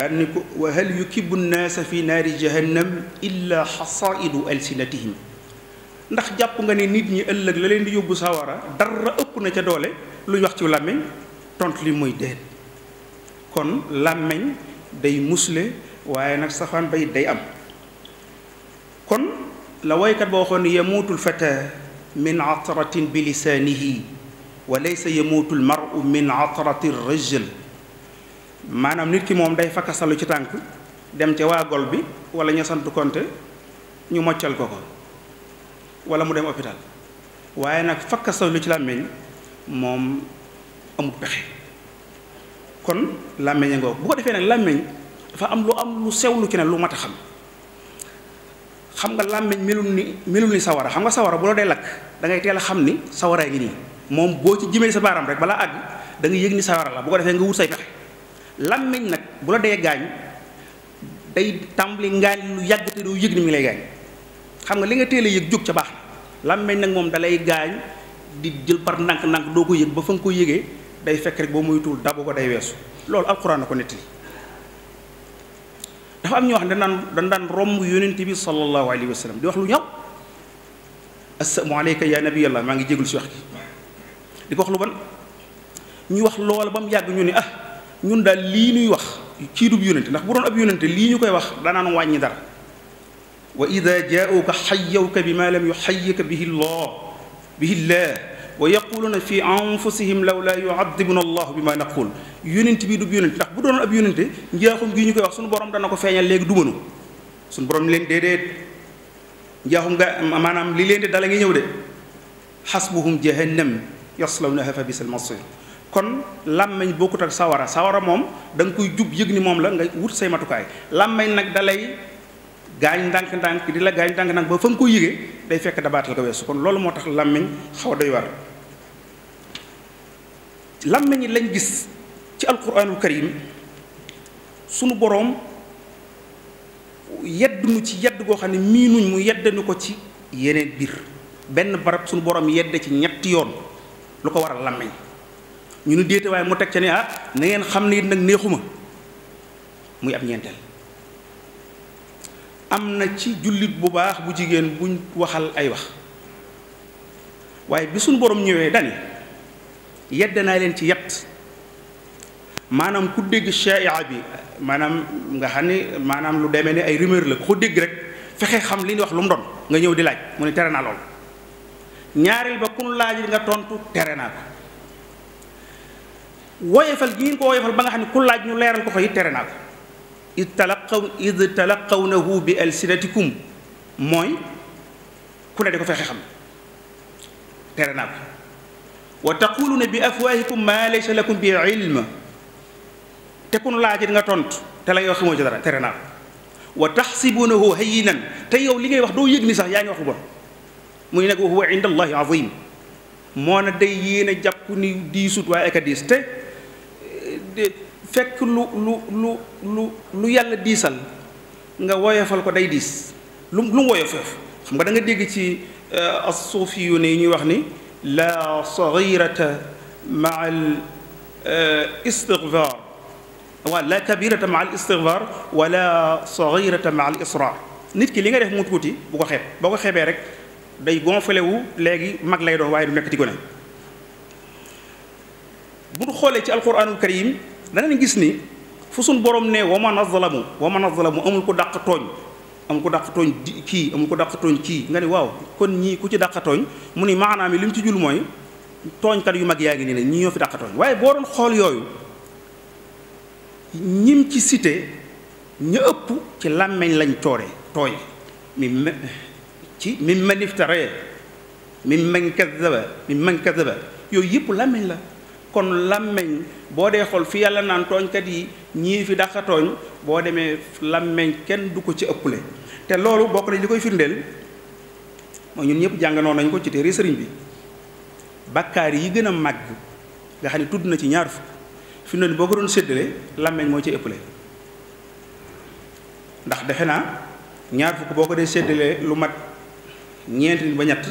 daan ni ko wa hal yukibu fi naari jahannam illa xasaidu alsinatihim ndax jàpp nga ne nit ñi ëllëg la leen di yóbbu sawara dara ëpp na ca doole lu wax ci làmmiñ tont li mooy déet kon làmmiñ day musle waaye nag safaan bay day am kon la woykat boo waxoon ne yamuutul fata min atratin bi lisaanihi wa laysa yamuutul maru min atratin rajul maanaam nit ki moom day fakkasalu ci tànk dem ca waa gol bi wala ña sant ñu moccal ko ko wala mu dem hôpital waaye nag fakk fakkasalu ci làmmiñ moom amul pexe kon làmmiñ a ngoog bu ko defee nag làmmiñ dafa am lu am lu sewlu ci ne lu mat a xam xam nga làmmiñ melul ni melul ni sawara xam nga sawara boo la dee lakk da ngay teel a xam ni sawara ngi nii moom boo ci jëmee sa baaraam rek balaa àgg da nga yëg ni sawara la bu ko defee nga wut say làmmiñ nag bu la dee gaañ day tàmbali ngaañ lu yàgg te doo yëg ni mu ngi lay gaañ xam nga li nga teel a yëg jóg ca baax làmmiñ nag moom dalay gaañ di jël par ndànk-ndànk doo ko yëg ba fa nga ko yëgee day fekk rek boo moytuwul dabu ko day weesu loolu alxuraan na ko nettali dafa am ñoo wax ne daan dañ daan romb yonent bi sallallahu alayhi wa sallam di wax lu ñaw assalaamu aleyka yaa nabiyallah maa ngi jégul si wax gi di ko wax lu ban ñu wax loola ba mu yàgg ñu ni ah ñun daal lii nuy wax ci dub yónente ndax bu doon ab yónente lii ñu koy wax danaan wàññi dara wa ida jaauka xayawka bi ma lam yuxayika bihi bi bihi llah wa yaquluuna fi anfusihim law laa yuadibuna allah bi ma naqul yónente bi dub yónente ndax bu doon ab yónente njaaxum gii ñu koy wax suñu borom dana ko feeñal léegi dumanu suñu borom leen déedéet njaaxum nga maanaam li leen di dala ngi ñëw de xasbuhum jahannam yaslawnaha fa bisal masir kon làmmeñ bokkut ak sawara sawara moom da koy jub yëg ni moom la nga wut say matukaay làmmeñ nag dalay gaañ ndànk-ndànk di la gaañ ndànk-ndànk ba fa nga koy yëgee day fekk dabaatal ko su kon loolu moo tax làmmeñ xaw a doy war làmmeñ lañ gis ci alquranul karim sunu boroom yedd nu ci yedd goo xam ne miinuñ mu yedd nu ko ci yeneen biir benn barab sunu borom yedd ci ñetti yoon lu ko waral làmmeñ ñu ni déete waaye mu teg ca ni ah na ngeen xam ne it nag neexuma muy ab ñeenteel am na ci jullit bu baax bu jigéen buñ waxal ay wax waaye bi suñ boroom ñëwee dani yedd naa leen ci yett maanaam ku dégg shaia bi maanaam nga xam ni maanaam lu demee ni ay rumeur la ko dégg rek fexe xam li ñu wax lu mu doon nga ñëw di laaj mu ne tere naa lool ñaareel ba kun laaj nga tontu tere naa ko woyefal gi nga ko woyefal ba nga xam ne ku laaj ñu leeral ko ko it tere naa ko id talaqaw id talaqawnahu bi alsinatikum mooy ku ne di ko fexe xam tere naa ko wa taquluuna bi afwahikum ma laysa lakum bi ilm laaj it nga tontu te la yow xamoo ci dara tere naa ko wa taxsibunahu hayyinan te yow li ngay wax doo yëg ni sax yaa ngi wax bu muy nag wa huwa inda allahi azim moo na day yéen a jàpp ni diisut waaye ak diis te fekk lu lu lu lu lu yàlla diisal nga woyofal ko day diis lu lu mu woyofeef xam nga danga dégg ci euh, as-suufi yu ne yi ñuy wax ni la saghirata ma al euh, istigfaar waaw la kabirata maa al istigfaar wala saghirata maa al israr nit ki li nga def mu tuuti bu ko xeeb boo ko xeebee rek day gonfale wu léegi mag lay doon waaye du nekk ci gone bu ñu xoolee ci alquranul karim danañ gis ni fu suñ borom ne wa man azlamu wa man azlamu amul ko dàq tooñ amul ko dàq tooñ kii amul ko daq tooñ kii nga ni waaw kon ñii ku ci dàq tooñ mu ni maanaam li mu ci jul mooy tooñkat yu mag yaa ngi nii ne ñi ñoo fi dàq tooñ waaye boo doon xool yooyu ñim ci site ñu ëpp ci làmmeñ lañ coore tooñ mi ci mi man iftara mi man kadaba mi yooyu yëpp làmmeñ la kon làmmeñ boo dee xool fi yàlla naan tooñkat yi ñii fi dàqa tooñ boo demee làmmeñ kenn du ko ci ëpple te loolu bokk nañ li koy firndeel mooy ñun ñëpp jàngandoo nañ ko ci téere sëriñ bi bakkaar yi gën a màgg nga xam ne tudd na ci ñaar fukk fi boo ko doon séddale làmmeñ moo ci ëpple ndax defe naa ñaar fukk boo ko dee séddalee lu mat ñeenti nit ba ñett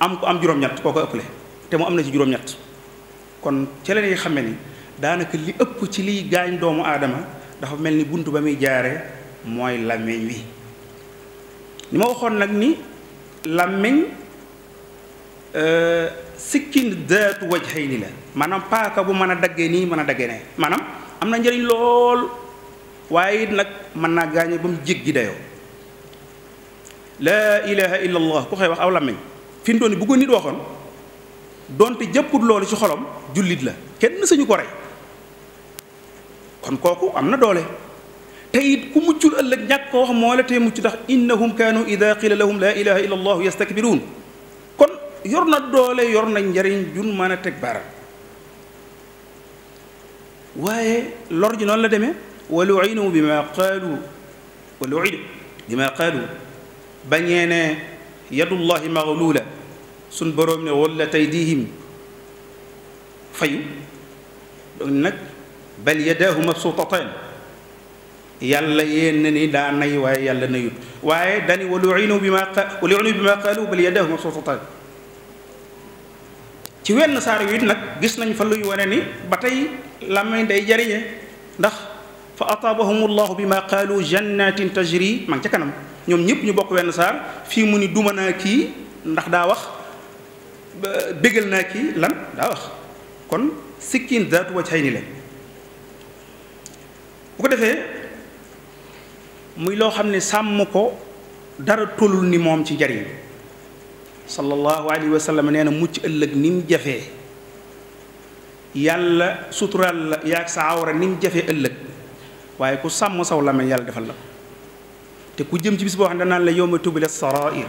am ko am juróom-ñett koo ko ëpple te mu am na ci juróom-ñett kon ci la ñuy xamee ni daanaka li ëpp ci liy gaañ doomu aadama dafa mel ni bunt ba muy jaare mooy làmmiñ wi ni ma waxoon nag ni làmmiñ euh, sikkin daatu wajxay ni la maanaam paaka bu mën a daggee nii mën a daggee ne maanaam am na njariñ lool waaye it nag mën naa gaañe ba mu jéggi dayoo laa ilaha illa ku koy wax aw làmmiñ fi mu doon bu ko nit waxoon donte jëpput loolu ci xolam jullit la kenn sañu ko rey kon kooku am na doole te it ku muccul ëllëg ñàkk ko wax moo la tee mucc ndax innahum kaanu ida qila lahum laa ilaha illa allahu yastakbiruun kon yor na doole yor na njariñ jun mën a teg bara waaye lor ji noonu la deme wa lu'inu bi ma qaalu wa bañee ne yadullahi maghlula suñ boroom ne walla tey diihim fayu donc nag bal yadaahu mabsuutataan yàlla yéen na ni daa nay waaye yàlla nayut waaye dani walu inu bi ma walu inu bi ma qaalu wenn saar nag gis nañ fa luy wane ni ba tey làmmiñ day jariñe ndax fa ataabahum allahu bi ma qaalu jannatin tajri ma ngi kanam ñoom ñëpp ñu bokk wenn saar fi mu ni duma naa kii ndax daa wax bégal naa kii lan daa wax kon sikkin zaatu wajhayni la bu ko defee muy loo xam ne sàmm ko dara tollul ni moom ci njariñ sallallahu alayhi wa sallam nee na mucc ëllëg ni mu jafee yàlla suturaal la yaag sa awra ni mu jafe ëllëg waaye ku sàmm saw la yàlla defal la ko te ku jëm ci bis boo xam ne danaan la yawma tubila sarair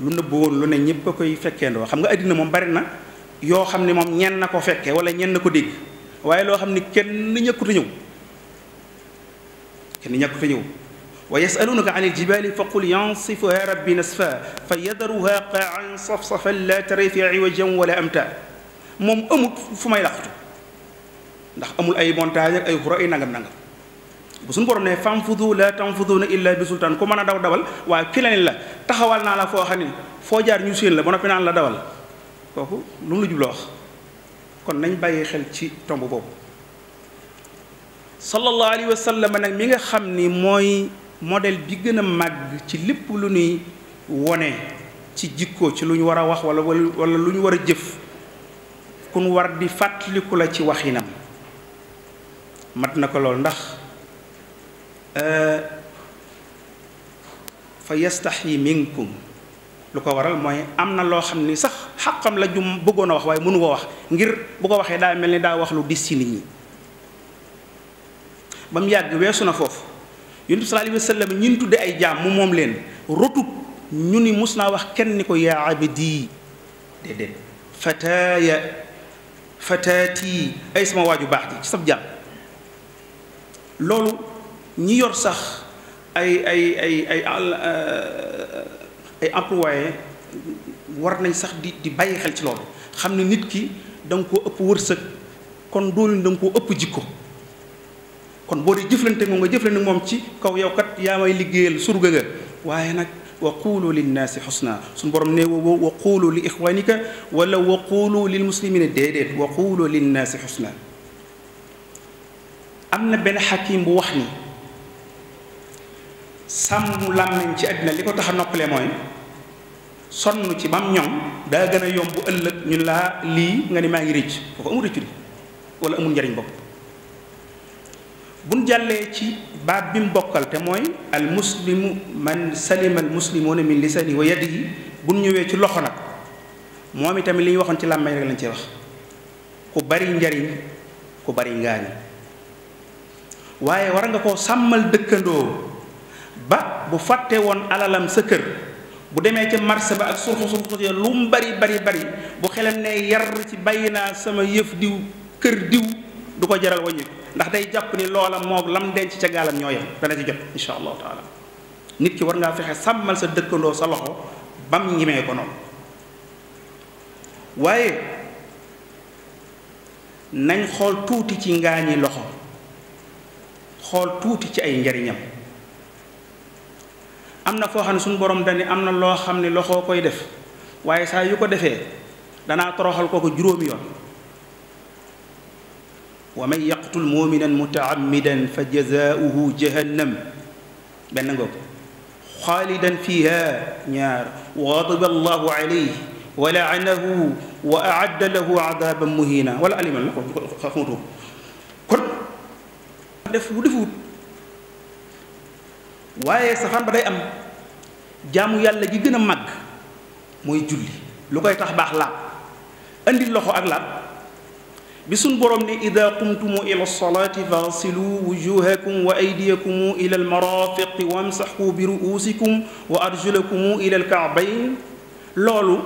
lu nëbb woon lu ne ñëpp a koy fekkeendoo xam nga àddina moom bari na yoo xam ne moom ñenn na ko fekke wala ñenn na ko dégg waaye loo xam ne kenn ñëkkuta ñëw kenn ñëkkuta ñëw wa yasalunaka an iljibali fa qul yansifuha rabbi nasfa fa yadaruha qaan safsafan la tara fi iwajan wala amta moom amut fu may laqtu ndax amul ay montagne ak ay xura ay nangam nangam bu suñu borom ne fanfudu la tanfuduuna illa bi sultaan ku mën a daw dawal waaye ki la la taxawal naa la foo xam ni foo jaar ñu séen la ba noppi naan la dawal kooku lu mu la jublu wax kon nañ bàyyi xel ci tomb boobu sallallahu alayhi wa sallam nag mi nga xam ni mooy modèle bi gën a màgg ci lépp lu ñuy wone ci jikko ci lu ñu war a wax wala wala lu ñu war a jëf kun war di fàttaliku la ci waxinam mat na ko lool ndax fa yastaxi minkum lu ko waral mooy am na loo xam ni sax xaqam la jum bëggoona wax waaye mënu koo wax ngir bu ko waxee daa mel ni daa wax lu dis si nit ñi ba mu yàgg weesu na foofu yonent bi sallallahu alayhi wa sallam moom leen rotut ñu ni mus naa wax kenn ni ko yaa di déedéet fataaya fataati ay sama waaju baax ji ci sab jaam loolu ñi yor sax ay ay ay ay euh, ay employé war nañ sax di di bàyyi xel ci loolu xam ne nit ki da nga koo ëpp wërsëg kon doolin da nga koo ëpp jikko kon boo dee jëflante moom nga jëflante moom ci kaw yow kat yaa may liggéeyal surga nga waaye nag wa quulu linnaasi xusna suñu borom ne wa wa quulu li ixwanika wala wa quulu lil muslimina déedéet wa quulu linnaasi xusna am na benn xakim bu wax ni sàmm làmmiñ ci àddina li ko tax a noppale mooy sonn ci bam ñoŋ daa gën a yomb ëllëg ñu laa lii nga ni maa ngi rëcc foofu amul rëccu di wala amul njariñ bopp buñ jàllee ci baat bi mu bokkal te mooy al muslimu man salima al muslimuna min lisani wa yadihi buñ ñëwee ci loxo nag moom itamit li ñu waxoon ci làmbañ rek lañ ci wax ku bari njariñ ku bari ngaañ waaye war nga koo sàmmal dëkkandoo ba bu fàtte woon alalam sa kër bu demee ca marché ba ak surxu surxu lu mu bari bari bari bu xelam ne yar ci bàyyi naa sama yëf diw kër diw du ko jaral wàññi ndax day jàpp ni loola moo lam denc ca gaalam ñoo yem dana ci jot insha allahu taala nit ki war ngaa fexe sàmmal sa dëkkandoo sa loxo bam ñimee ko noonu waaye nañ xool tuuti ci ngaañi loxo xool tuuti ci ay njariñam am na foo xam ne suñu borom dani am na loo xam ne loxoo koy def waaye saa yu ko defee danaa toroxal kooku juróomi yoon wa man yaqtul muminan mutaammidan fa jazaauhu jahannam benn ngoog ko fiha ñaar wa gadiba allahu alayhi wa laanahu wa aadda lahu adaban la ko xamutu kon def bu defut waaye safaan ba day am jaamu yàlla gi gën a màgg mooy julli lu koy tax baax laab indi loxo ak laab bi suñ boroom ne ida qumtumu ila lsalaati fagsilu wujuhakum wa aydiyakumu ila almarafiqi wamsaxu bi ruusikum wa arjulakumu ila alkaabayn loolu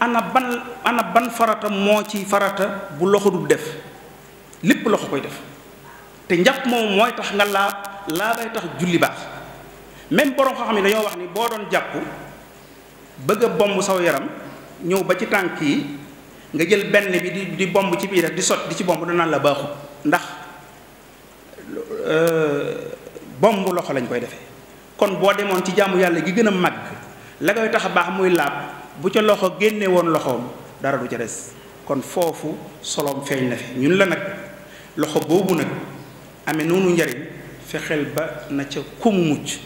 ana ban farata moo ci farata bu loxo du def lépp loxo koy def te njàpp moom mooy tax nga laa laa tax julli baax même borom xam ne dañoo wax ni boo doon jàpp bëgg a bomb saw yaram ñëw ba ci tànk yi nga jël benn bi di di bomb ci biir di sot di ci bomb danaan la baaxut ndax euh, bomb loxo lañ koy defee kon boo demoon ci jàmm yàlla gi gën a màgg la koy tax baax muy laab bu ca loxo génne woon loxoom dara du ca des kon foofu soloom feeñ na fi ñun la nag loxo boobu nag amee noonu njariñ fexeel ba na ca kumu mucc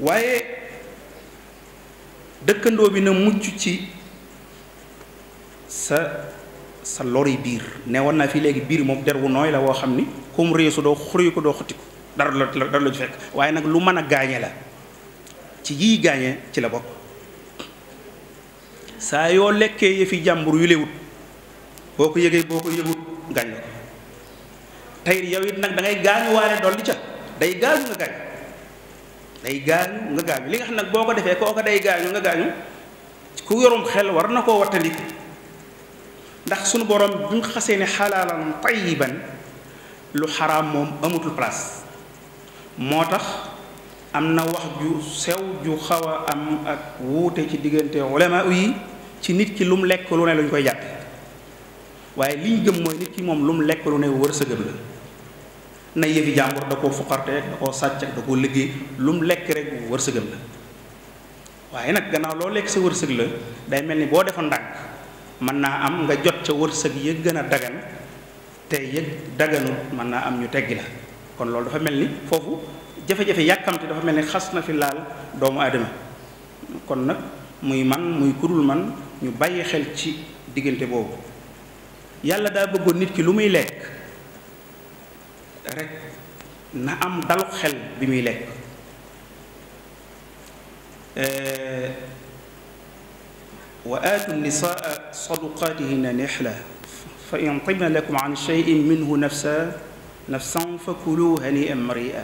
waaye dëkkandoo bi na mucc ci sa sa lori biir ne woon naa fi léegi biir moom der wu nooy la woo xam ni comme réesu doo xuri ko doo xotti ko dara la dara la ju fekk waaye nag lu mën a gaañe la ci yii gaañe ci la bokk saa yoo lekkee yëfi jàmbur yu lewut boo ko yëgee boo ko yëgut gaañ la ko tey yow it nag dangay ngay gaañu dolli ca day gaañu nga gaañ day gaañu nga gaañu li nga xam nag boo ko defee kooka day gaañu nga gaañu ku yorum xel war na koo wattandiku ndax suñu borom bi mu xasee ne xalaalan tayiban lu xaraam moom amatul place moo tax am na wax ju sew ju xaw a am ak wuute ci diggante ulama yi ci nit ki lu mu lekk lu ne lañ koy jàppe waaye liñ gëm mooy nit ki moom lu mu lekk lu ne wërsëgam la na yëfi jàmbur da koo fuqarte da koo sàcc da koo liggéey lu mu lekk rek wërsëgal la waaye nag gannaaw loo lekk sa wërsëg la day mel ni boo defa ndànk mën naa am nga jot ca wërsëg ya gën a dagan te yëg daganut mën naa am ñu teggi la kon loolu dafa mel ni foofu jafe-jafe yàkkamte dafa mel ni xas na fi laal doomu adama kon nag muy man muy kudul man ñu bàyyi xel ci diggante boobu yàlla daa bëggoon nit ki lu muy lekk rek na am dalu xel bi muy lekk eh, wa aatu nisaa saduqaatihinna nihla fa in tibna lakum an cheyin minhu nafsa nafsan fa kuluhu hani'an mari'a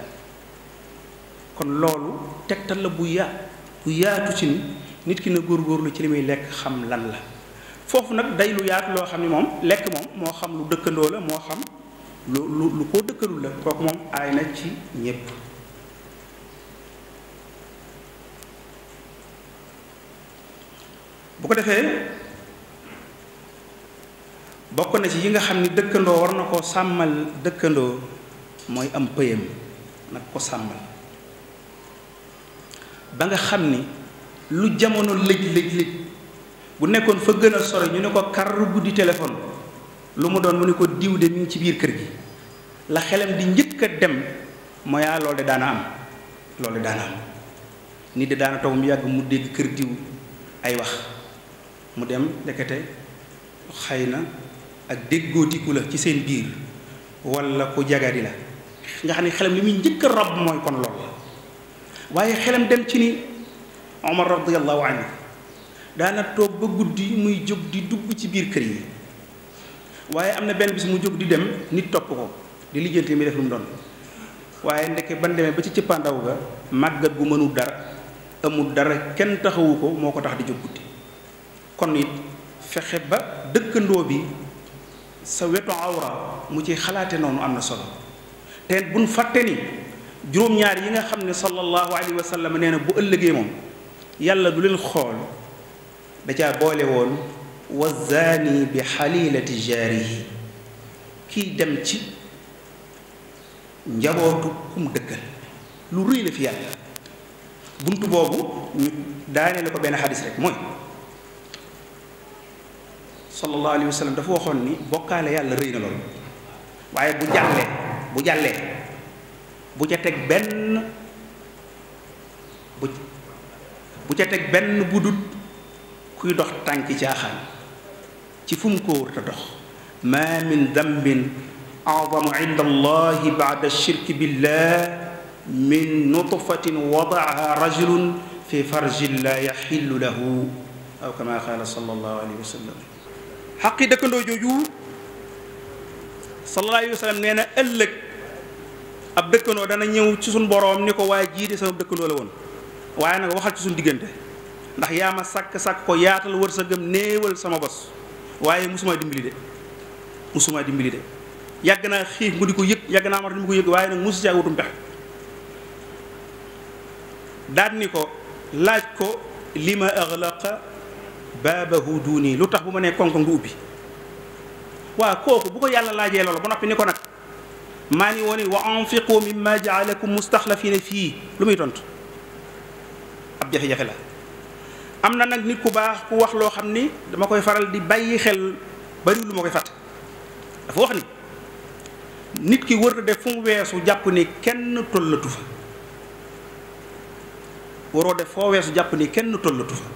kon loolu tegtal la bu yaa bu yaatu ci nit ki na góor góorlu ci li muy lekk xam lan la foofu nag day lu yaatu loo xam ne moom lekk moom moo xam lu dëkkandoo la moo xam lu lu lu koo dëkkalul la kooku moom aay na ci ñépp bu ko defee bokk na ci yi nga xam ni dëkkandoo war na koo sàmmal dëkkandoo mooy am pëyam nag ko sàmmal ba nga xam ni lu jamono lëj lëj lëj bu nekkoon fa gën a sore ñu ne ko kar bu di téléphone lu mu doon mu ne ko diw de mi ngi ci biir kër gi la xelam di njëkk a dem mooy ah loolu de daana am loolu de daana am nit de daana toog mu yàgg mu dégg kër diw ay wax mu dem ndekete xëy na ak déggootiku la ci seen biir walla ku jagadi la nga xam ne xelam li muy njëkk a rab mooy kon loolu waaye xelam dem ci ni Omar daana toog ba guddi muy jóg di dugg ci biir kër yi waaye am na benn bis mu jóg di dem nit topp ko di lijjanti mi def lu doon waaye ndeke ban demee ba ci cëppaandaw ga màggat bu mënul dara amul dara kenn taxawu ko moo ko tax di jóg guddi kon it fexe ba dëkkandoo bi sa wetu awra mu ci xalaate noonu am na solo te buñ fàtte ni juróom-ñaar yi nga xam ne sallallahu alayhi wa sallam nee na bu ëllëgee moom yàlla du leen xool da caa boole woon wa bi xaliilati jaarihi kiy dem ci njabootu kum dëkkal lu rëy la fi yàlla buntu boobu ñu daane la ko benn xadis rek mooy sallallahu waxoon ni bokkaale yàlla rëy na waaye bu jàllee bu jàllee bu ca benn bu bu ca teg benn budut kuy dox tànki caaxaan ci fu mu ko wërta dox ma min dambin azamu inda allahi bada shirki min nutfatin wadaaha rajulun fi farjin la yaxillu lahu aw kama qaala sallallahu alayhi wa dëkkandoo jooju sallallahu alayhi nee na ëllëg ab dëkkandoo dana ñëw ci sun boroom ni ko waaye jii de sama dëkkandoo la woon waaye nag waxal ci suñ diggante ndax yaa ma sàkk-sàkk ko yaatal wërsëgam néewal sama bos waaye musuma dimbali de musuma dimbali de yàgg naa xiif mu di ko yëg yàgg naa mar di mu ko yëg waaye nag musu ci ak wutum pex daal ni ko laaj ko li ma axlaqa baabahu duuni lu tax bu ma nee konkon du ubbi waa kooku bu ko yàlla laajee loolu ba noppi ni ko nag maa ni woon wa anfiqu mimma jaalakum mustaxlafina fii lu muy tontu ab jafe la am na nag nit ku baax ku wax loo xam ni dama koy faral di bàyyi xel bari lu ma koy fàtte dafa wax ni nit ki wër na def fu mu weesu jàpp ni kenn tollatu fa waroo def foo weesu jàpp ni kenn tollatu fa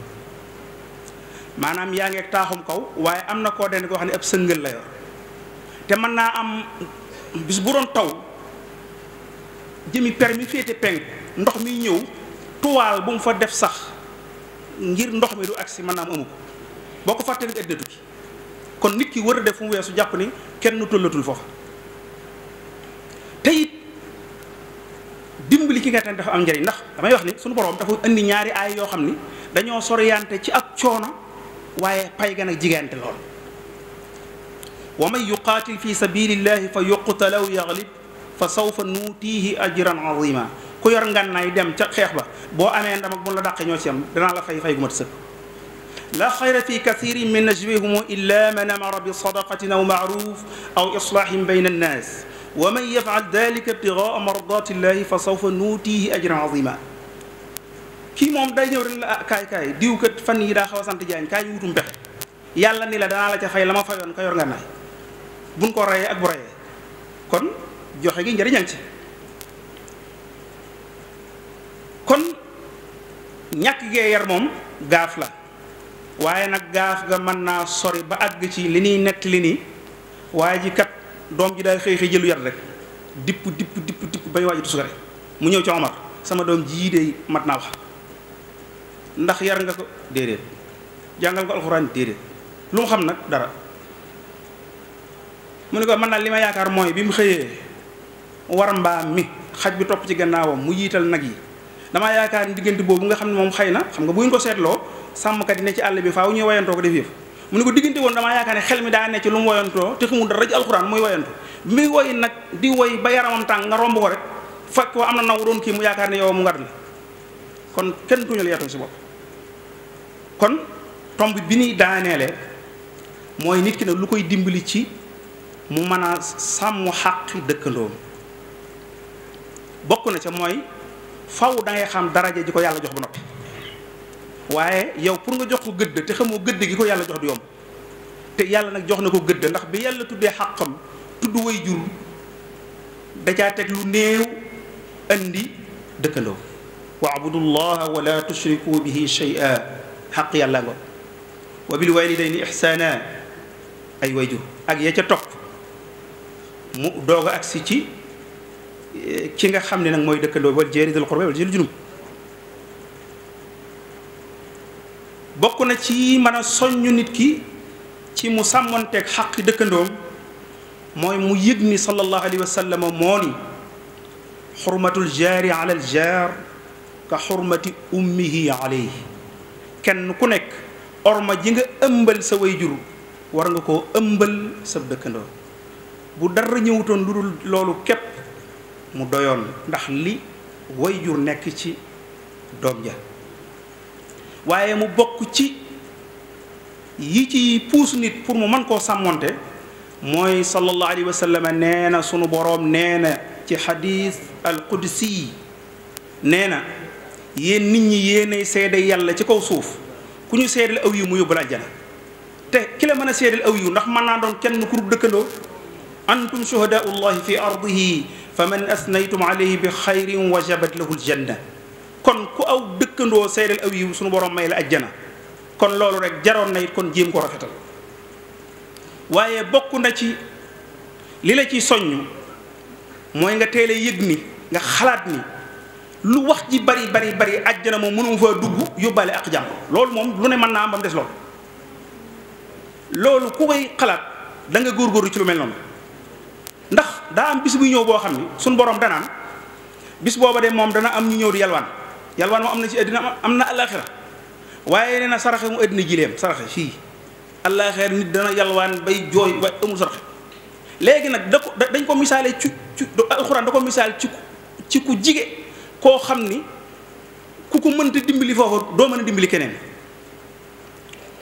maanaam yaa ngi ak taaxum kaw waaye am na koo den koo xam ne ab sëngal la yor te mën naa am bis bu doon taw jëmi permi féete penk ndox mi ñëw tuwaal bu mu fa def sax ngir ndox mi du agsi mën naa am amu ko boo ko fàttee rek ëddatu ki kon nit ki war a def fu mu weesu jàpp ni kenn tollatul foofa te it dimbali ki nga xam ne dafa am njëriñ ndax damay wax ni sunu borom dafa indi ñaari aay yoo xam ni dañoo soriyante ci ak coono waaye pay gan ak jigante lool wa man yuqaatil fi sabilillahi fa yuqtalaw yaglib fa sawfa nuutihi ajran azima ku yor ngànnaay dem ca xeex ba boo amee ndam ak bu la dàqee ñoo ci am danaa la fay fay gu mat sëkk la xayra fi kathirin min najwihum illa man amara bi sadaqatin aw maaruf aw islahin bayn annas wa man yafal kii moom day ñëw rek la ah kaay kaay diw kat fan yi daa xaw a sant jaañ kaay yi wutum pexe yàlla ni la danaa la ca fay la ma fayoon ka yor ngànnaay buñ ko rayee ak bu rayee kon joxe gi njëriñam ci kon ñàkk gee yar moom gaaf la waaye nag gaaf ga mën naa sori ba àgg ci li ñuy nekk li nii waaye ji kat doom ji day xëy xëy jëlu yar rek dipp dipp dipp dipp bay waaju tusukare mu ñëw ci Omar sama doom jii de mat naa wax ndax yar nga ko déedéet jàngal ko alxuraan déedéet lu mu xam nag dara mu ne ko mën naa li ma yaakaar mooy bi mu xëyee war mbaam mi xaj bi topp ci gannaawam mu yiital nag yi damaa yaakaar ni diggante boobu nga xam ne moom xëy na xam nga bu ñu ko seetloo sàmmkat yi ne ci àll bi faaw ñuy wayantoo ko def yëf mu ne ko diggante woon damaa yaakaar ne xel mi daa lu mu wayantoo te xamul dara ci alxuraan muy wayantu mi woy nag di woy ba yaramam tàng nga romb ko rek fa ko am na naw doon kii mu yaakaar ne yow mu ngar li kon kenn tuñal yaatoo si bopp kon tomb bi ni daaneele mooy nit ki nag lu koy dimbali ci mu mën a sàmm xàqi dëkkandoom bokk na ca mooy faw dangay ngay xam daraja ji ko yàlla jox ba noppi waaye yow pour nga jox ko gëdd te xamoo gëdd gi ko yàlla jox du yomb te yàlla nag jox na ko gëdd ndax bi yàlla tuddee xàqam tudd way jur da caa lu néew andi dëkkandoo wa abudullaha wala tushriku bihi shay'a xaq yàlla nga wa bil walidayni ihsana ay way jur ak ya ca topp mu doog agsi ci ki nga xam ne nag mooy dëkkandoo wal jeeri dal xurba wal jeeri junub bokk na ci mën a soññu nit ki ci mu sàmmonteeg xaqi dëkkandoom mooy mu yëg ni sallallahu alayhi wa sallam moo ni xurmatul jaari ala al jaar ka xurmati ummihi alayhi kenn ku nekk orma ji nga ëmbal sa wayjur war nga koo ëmbal sa dëkkandoo bu dara ñëwutoon lu dul loolu képp mu doyoon ndax li way jur nekk ci doom ja waaye mu bokk ci yi ci puus nit pour mu mën koo sàmmonte mooy sallallahu alayhi wa sallam nee na sunu boroom nee na ci xadis al qudsi nee na yéen nit ñi yéenay seede yàlla ci kaw suuf ku ñu seedal aw yu mu yóbbul àjjana te ki la mën a seedal aw yu ndax mën naa doon kenn ku dul dëkkandoo antum shuhadaa'ullahi fi ardihi fa man asnaytum alayhi bi xayrin wajabat lahu aljanna kon ku aw dëkkandoo seedal aw yiw suñu borom may la ajjana kon loolu rek jaroon na kon jéem ko rafetal waaye bokk na ci li la ci soññ mooy nga teel a yëg ni nga xalaat ni lu wax ji bari bari bari ajjana moom mënu faa dugg yóbbaale ak jàmm loolu moom lu ne mën naa am ba des loolu loolu ku koy xalaat da nga góorgóorlu ci lu mel noonu ndax daa am bis bu ñëw boo xam ni suñu borom danaan bis booba de moom dana am ñu ñëw di yalwaan yalwaan moom am na si àddina am na alaxira waaye nee na saraxe mu àddina jileem saraxe fii alaxira nit dana yalwaan bay jooy waaye amul saraxe léegi nag da ko dañ ko misaale ci ci alxuraan da ko misaal ci ci ku jige koo xam ni ku ko mënta dimbali foofu doo mën a dimbali keneen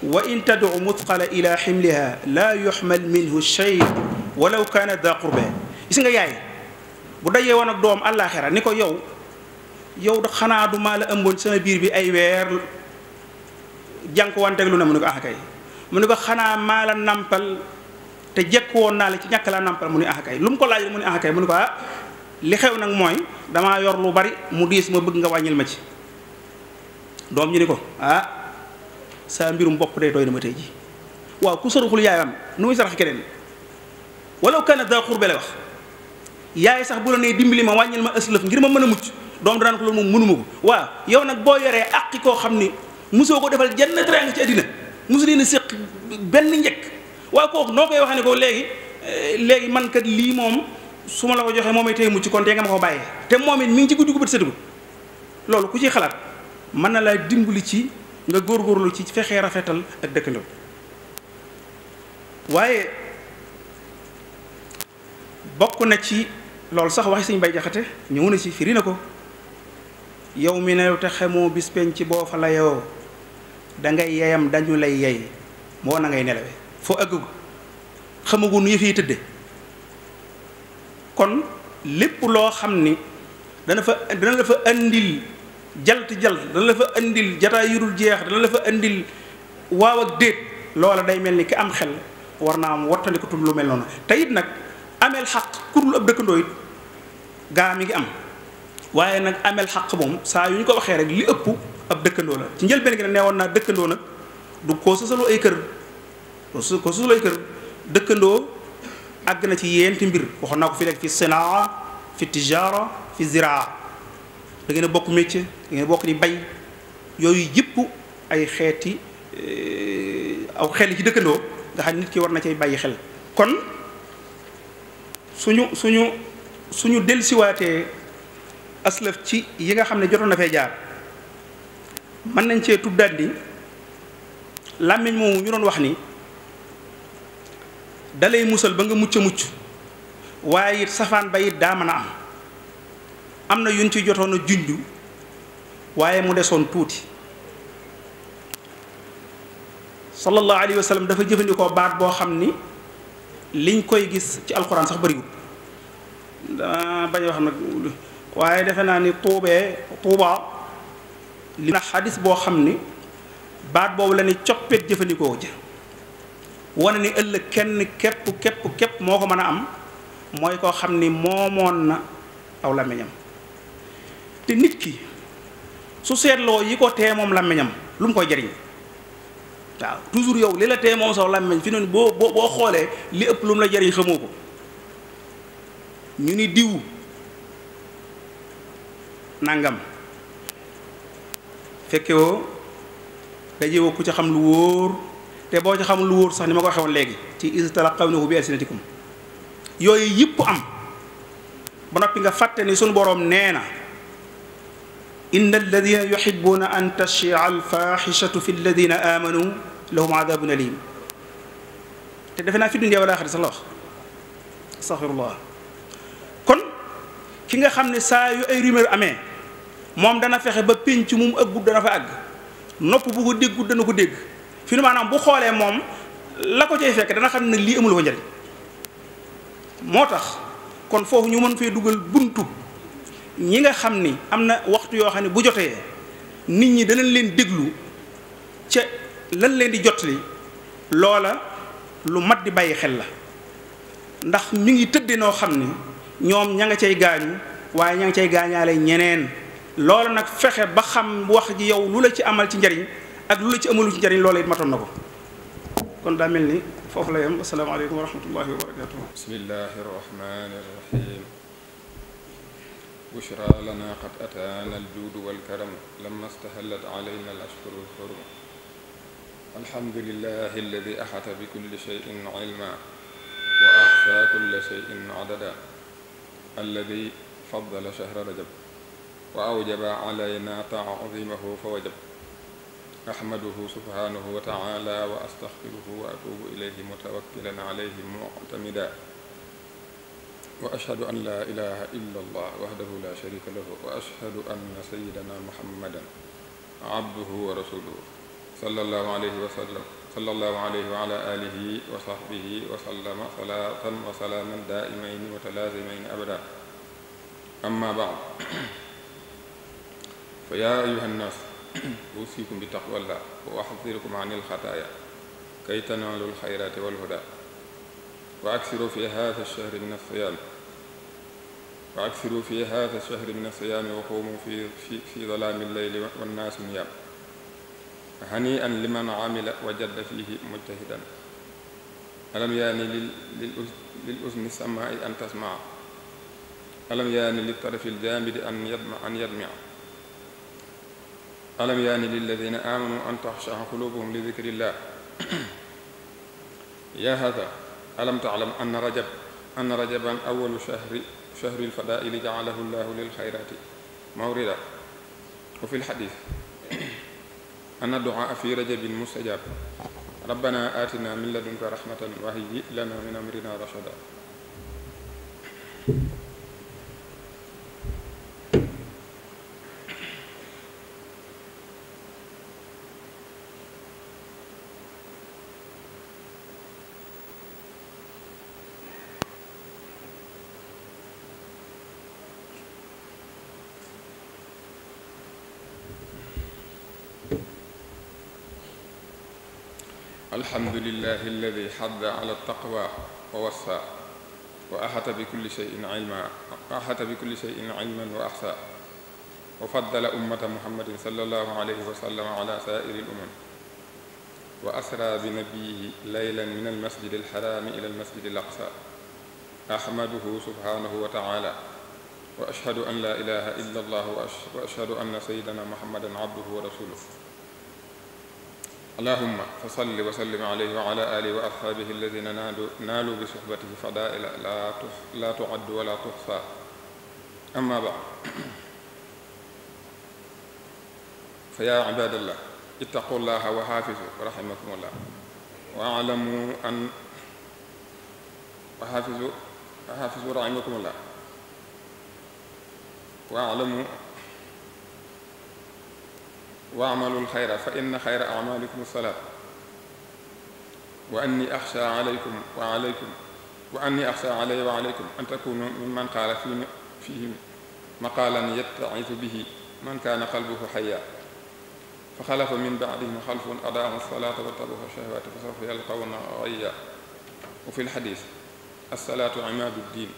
wa in tad'u mutqala ila ximliha la yuxmal minhu shay walaw kaana da qurbe gis nga yaay bu dajee woon ak doom àllaaxira ni ko yow yow da xanaa du maa la ëmboon sama biir bi ay weer janq wanteeg lu ne mu ne ko ah ko xanaa maa la te jekk woon naa la ci ñàkk nampal mu ne ah lu mu ko laaj mu ne ah kay mu ne ah, li xew nag mooy damaa yor lu bari mu diis ma bëgg nga wàññil ma ci doom ñu ni ko ah saa mbirum bopp day doy na ma tey ji waaw ku saraxul yaayam nu muy sarax keneen walaw kana daa xurbe lay wax yaay sax bu la nee dimbali ma wàññil ma aslëf ngir ma mën a mucc doom dana ko loolu moom mënuma ko waa yow nag boo yoree àqi koo xam ni mosoo ko defal jenn teraanga ci àddina mosu leen a séq benn njëkk waaye kooku noo koy waxee ne ko léegi eh, léegi man kat lii moom su ma la ko joxee moomay tey mucc kon tey nga ma ko bàyyee te moom it mi ngi ci guddi gu bët sëtu loolu ku ciy xalaat mën na laa dimbali ci nga góor góorlu ci fexee rafetal ak dëkkandoo waaye bokk na ci loolu sax waxi suñ bay jaxate ñëw na si firi na ko yow mi new te xemoo bis penc ci boo fa la yow da ngay dañu lay yey moo na ngay nelawe foo ëgg xamagu nu yëf tëdde kon lépp loo xam ni dana fa dana la fa andil jalt jalt dana la fa andil jataay jeex dana la fa andil waaw ak déet loola day mel ni ki am xel war naa am wattandiku tul lu mel noonu te nag ameel xaq ku dul ab dëkkandoo it gaa mi ngi am waaye nag ameel xaq moom saa yu ñu ko waxee rek li ëpp ab dëkkandoo la ci njëlbeen gi ne neewoon naa dëkkandoo nag du koo sësaloo ay kër koo sësaloo kër dëkkandoo àgg na ci yeenti mbir waxoon naa ko fi rek fi sinaa fi tijaara fi ziraa da ngeen bokk métier da ngeen a bokk di bay yooyu yëpp ay xeeti eh, aw xel ci dëkkandoo nga xam nit ki war na cay bàyyi xel suñu suñu suñu dellusiwaatee aslaf ci yi nga xam ne jotoon na fee jaar mën nañ cee tuddaat ni làmmiñ moomu ñu doon wax ni dalay musal ba nga mucc mucc waaye it safaan ba it daa mën a am am na yuñ ci jotoon a junj waaye mu desoon tuuti sallallahu alayhi wa dafa jëfandikoo baat boo xam ni liñ koy gis ci alxuraan sax bëriwul dama bañ a wax waaye defe naa ni tuubee tuubaa li na xadis boo xam ni baat boobu la ni coppeet jëfandikoo ja wane ni ëllëg kenn képp képp képp moo ko mën a am mooy koo xam ni moomoon na aw làmmiñam te nit ki su seetloo yi ko tee moom làmmiñam lu mu koy jariñ waaw toujours yow li la tee moom saw làmmiñ fi noonu boo boo boo xoolee li ëpp lu mu la jariñ xamoo ko ñu ni diw nangam fekke woo daje woo ku ca xam lu wóor te boo ci xam lu wóor sax ni ma ko waxee woon léegi ci is talaqawnahu bi alsinatikum yooyu yëpp am ba noppi nga fàtte ni suñu boroom nee na inna alladina yuxibuuna an tashia alfaxishatu fi alladina amanu lahum adabun alim te defe naa fi dunyaa wala axira sax la astaxfirullah kon ki nga xam ne saa yu ay rumeur amee moom dana fexe ba pénc mu mu ëggut dana fa àgg nopp bu ko déggut dana ko dégg fi nu maanaam bu xoolee moom la ko cay fekk dana xam ne nag lii amul ko njëriñ moo tax kon foofu ñu mën fee dugal buntu ñi nga xam ni am na waxtu yoo xam ne bu jotee nit ñi danañ leen déglu ca lan leen di jotli loola lu mat di bàyyi xel la ndax ñu ngi tëdde noo xam ni ñoom ña nga cay gaañu waaye ña nga cay gaañaale ñeneen loola nag fexe ba xam wax ji yow lu la ci amal ci njariñ ak lu la ci amalu ci njariñ loola it matoon na ko kon daa mel ni foofu la yem asalaamaaleykum wa rahmatullahi wa barakatuh bismillahi rahmani rahim bushra lana qad ataana aljuudu walkaram lamma stahallat alayna alashhur alxurum alhamdulilahi alladi axata bi kulli cheyin ilma wa axsaa kulla cheyin adada alladi faddala chahra rajab wa awjaba alayna taadimahu fa wajab axmaduhu subhaanahu wa taala wa astaxfiruhu wa atuubu ilayhi mutawakkilan alayhi muctamida wa ashhadu an laa ilaha illa allah wahdahu la sharika lahu wa ashhadu anna sayidana muhammadan abduhu wa rasuluhu sallallahu alayhi wa sallam sallallahu alayhi wa ala alihi wa sahbihi wa sallama salaatan wa salaaman daa'imayni wa talaazimayni abada amma ba'd fa yaa ayuha nnaas usiikum bi taqwallah wa axdirukum an ilxataaya kay tanaalul xayraati walhuda wa aksiru fi haadha ash-shahri min as-siyaam wa aksiru fi haadha ash-shahri min as-siyaami wa quumu fi fi dalaami al-layli wan-naasu niyaam hanii'an liman amila wa jadda fiihi mujtahidan alam yaani lil usni samaa'i an tasmaa alam yaani lit tarafi al-jaamidi an yadma an yadmia alam yaani lilladina aamanu an taxshaa quluubuhum li dikri llah yaa haadaa alam taalam anna rajab anna rajaban awalu shahri shahri lfadaili jaalahu llahu lilxayrati mawrida wa fi lxadis anna duaa fi rajabin mustajab rabbana atina min ladunka rahmatan wa hayyi lana min amrina rashada alhamdulilah alladi xadda ala taqwa wa wassa wa axata bi kulli cheyin ilma axata bi kulli cheyin ilman wa axsa wa faddala ummata muhammadin sallallahu alayhi wa sallam ala saa'iri al-umam wa asra bi nabiyihi laylan min almasjid alxaraami ila almasjid alaqsa axmaduhu subhanahu wa taala wa ashhadu an laa ilaha illa allah wa ashhadu anna sayidana muhammadan abduhu wa rasuluh allahumma fa salli wa sallim alayhi wa ala alihi wa ashaabihi alladina naadu naalu bi suhbatihi fadaila la tuaddu wala tuhsa amma ba'd fa yaa ibadallah ittaqullaha wa xaafisu rahimakumullah wa alamu an wa xaafisu wa xaafisu rahimakumullah wa alamu waamalu alxayra fa inna xayra amalikum alsalaa wa anni axsha alaykum wa alaykum wa anni axsha alayya wa alaykum an takunu mimman qaala fii fiihim maqaalan yatta'izu bihi man kaana qalbuhu xayya fa xalafa min ba'dihim xalfun adaa'u salaata wattaba'u shahawaati fa sawfa yalqawna gayya wa fi lxadiis assalaatu imaadu ddiin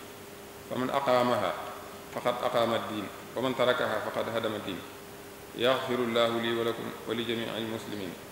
fa man aqaamaha faqad aqaama ddiin wa man tarakaha faqad hadama ddiin yaxfirullaahu lii wa lakum wa li jamii al muslimiin